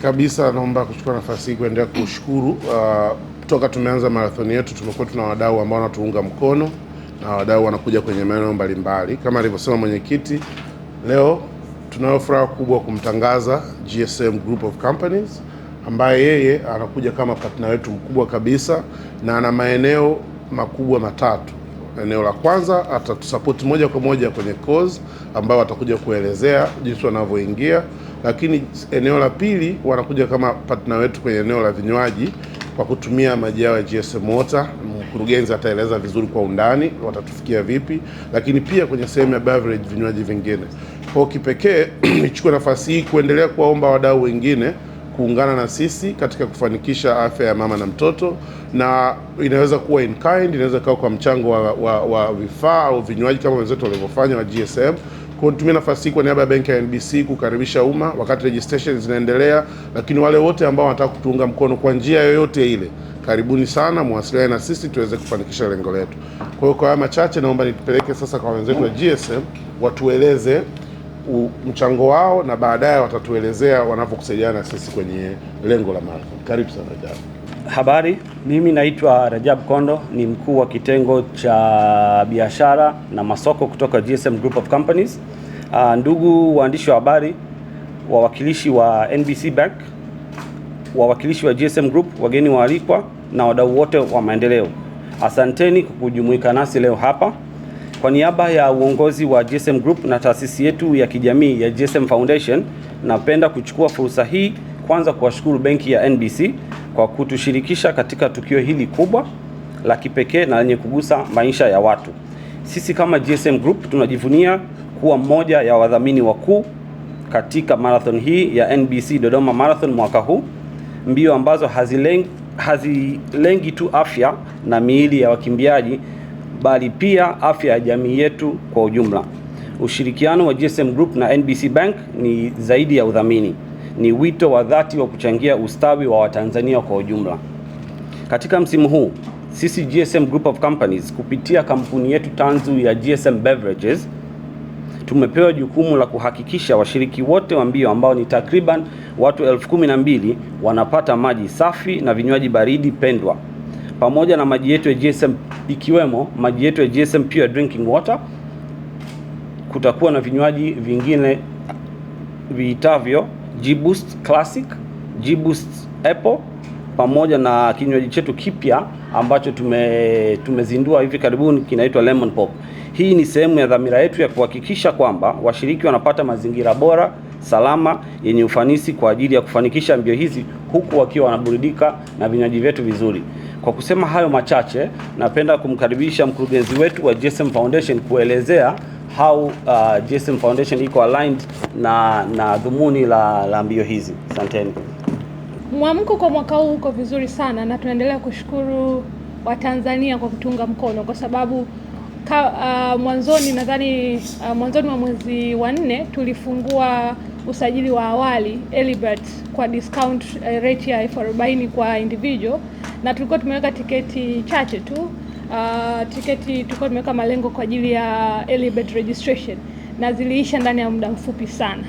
Kabisa naomba kuchukua nafasi hii kuendelea kushukuru uh, toka tumeanza marathoni yetu tumekuwa tuna wadau ambao wanatuunga mkono na wadau wanakuja kwenye maeneo mbalimbali. Kama alivyosema mwenyekiti, leo tunayo furaha kubwa kumtangaza GSM Group of Companies ambaye yeye anakuja kama partner wetu mkubwa kabisa na ana maeneo makubwa matatu. Eneo la kwanza atatusapoti moja kwa moja kwenye cause ambayo atakuja kuelezea jinsi wanavyoingia lakini eneo la pili wanakuja kama partner wetu kwenye eneo la vinywaji kwa kutumia maji yao ya GSM Water. Mkurugenzi ataeleza vizuri kwa undani watatufikia vipi, lakini pia kwenye sehemu ya beverage, vinywaji vingine. Kwa kipekee nichukue nafasi hii kuendelea kuwaomba wadau wengine kuungana na sisi katika kufanikisha afya ya mama na mtoto, na inaweza kuwa in kind, inaweza kuwa kwa mchango wa, wa, wa vifaa au vinywaji kama wenzetu walivyofanya wa GSM Nitumie nafasi hii kwa niaba ya benki ya NBC kukaribisha umma wakati registration zinaendelea, lakini wale wote ambao wanataka kutuunga mkono kwa njia yoyote ile, karibuni sana, muwasiliane na sisi tuweze kufanikisha lengo letu. Kwa hiyo kwa haya machache, naomba nitupeleke sasa kwa wenzetu wa GSM watueleze mchango wao na baadaye watatuelezea wanavyokusaidiana sisi kwenye lengo la marathon. Karibu sana jana. Habari, mimi naitwa Rajab Kondo, ni mkuu wa kitengo cha biashara na masoko kutoka GSM Group of Companies. Uh, ndugu waandishi wa habari, wawakilishi wa NBC Bank, wawakilishi wa GSM Group, wageni waalikwa na wadau wote wa maendeleo, asanteni kwa kujumuika nasi leo hapa. Kwa niaba ya uongozi wa GSM Group na taasisi yetu ya kijamii ya GSM Foundation, napenda kuchukua fursa hii kwanza kuwashukuru benki ya NBC kwa kutushirikisha katika tukio hili kubwa la kipekee na lenye kugusa maisha ya watu. Sisi kama GSM Group tunajivunia kuwa mmoja ya wadhamini wakuu katika marathon hii ya NBC Dodoma Marathon mwaka huu, mbio ambazo hazilengi, hazilengi tu afya na miili ya wakimbiaji bali pia afya ya jamii yetu kwa ujumla. Ushirikiano wa GSM Group na NBC Bank ni zaidi ya udhamini ni wito wa dhati wa kuchangia ustawi wa Watanzania kwa ujumla. Katika msimu huu sisi GSM Group of Companies kupitia kampuni yetu tanzu ya GSM Beverages tumepewa jukumu la kuhakikisha washiriki wote wa mbio ambao ni takriban watu elfu kumi na mbili wanapata maji safi na vinywaji baridi pendwa, pamoja na maji yetu ya GSM ikiwemo maji yetu ya GSM Pure Drinking Water. Kutakuwa na vinywaji vingine viitavyo G-Boost Classic, G-Boost Apple pamoja na kinywaji chetu kipya ambacho tume tumezindua hivi karibuni kinaitwa Lemon Pop. Hii ni sehemu ya dhamira yetu ya kuhakikisha kwamba washiriki wanapata mazingira bora, salama, yenye ufanisi kwa ajili ya kufanikisha mbio hizi huku wakiwa wanaburudika na vinywaji vyetu vizuri. Kwa kusema hayo machache, napenda kumkaribisha mkurugenzi wetu wa GSM Foundation kuelezea how uh, GSM Foundation iko aligned na na dhumuni la, la mbio hizi. Asanteni. Mwamko kwa mwaka huu uko vizuri sana na tunaendelea kushukuru Watanzania kwa kutunga mkono kwa sababu ka, uh, mwanzoni nadhani uh, mwanzoni mwa mwezi wa nne tulifungua usajili wa awali Elibert kwa discount uh, rate ya elfu arobaini kwa individual na tulikuwa tumeweka tiketi chache tu uh, tiketi tulikuwa tumeweka malengo kwa ajili ya early bird registration na ziliisha ndani ya muda mfupi sana.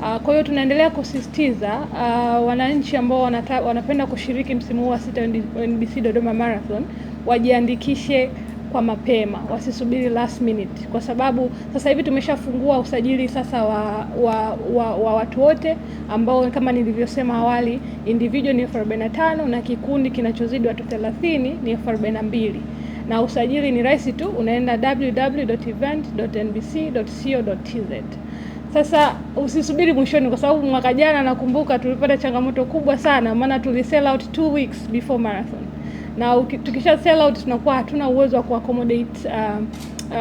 Uh, kwa hiyo tunaendelea kusisitiza uh, wananchi ambao wanata, wanapenda kushiriki msimu huu wa sita NBC Dodoma Marathon wajiandikishe kwa mapema, wasisubiri last minute, kwa sababu sasa hivi tumeshafungua usajili sasa wa, wa, wa, wa watu wote ambao kama nilivyosema awali individual ni elfu arobaini na tano na kikundi kinachozidi watu 30 ni elfu arobaini na mbili na usajili ni rahisi tu, unaenda www.event.nbc.co.tz. Sasa usisubiri mwishoni, kwa sababu mwaka jana nakumbuka tulipata changamoto kubwa sana, maana tuli sell out two weeks before marathon, na tukisha sell out tunakuwa hatuna uwezo wa kuaccommodate um,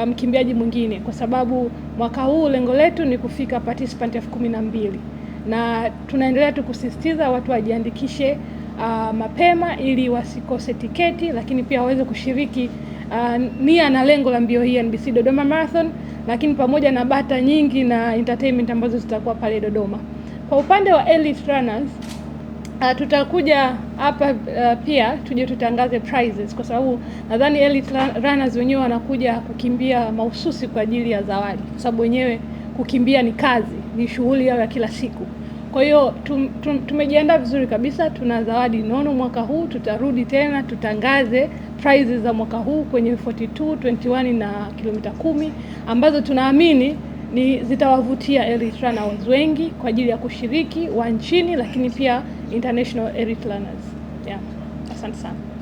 um, mkimbiaji um, mwingine, kwa sababu mwaka huu lengo letu ni kufika participant elfu kumi na mbili na tunaendelea tukusisitiza watu wajiandikishe uh, mapema ili wasikose tiketi, lakini pia waweze kushiriki uh, nia na lengo la mbio hii NBC Dodoma Marathon, lakini pamoja na bata nyingi na entertainment ambazo zitakuwa pale Dodoma. Kwa upande wa elite runners uh, tutakuja hapa uh, pia tuje tutangaze prizes, kwa sababu nadhani elite runners wenyewe wanakuja kukimbia mahususi kwa ajili ya zawadi, kwa sababu wenyewe kukimbia ni kazi, ni shughuli yao ya kila siku. Kwa hiyo tum, tum, tumejiandaa vizuri kabisa, tuna zawadi nono mwaka huu. Tutarudi tena tutangaze prizes za mwaka huu kwenye 42, 21 na kilomita kumi ambazo tunaamini ni zitawavutia Eritreans wengi kwa ajili ya kushiriki wa nchini, lakini pia international Eritreans. Yeah. Asante sana.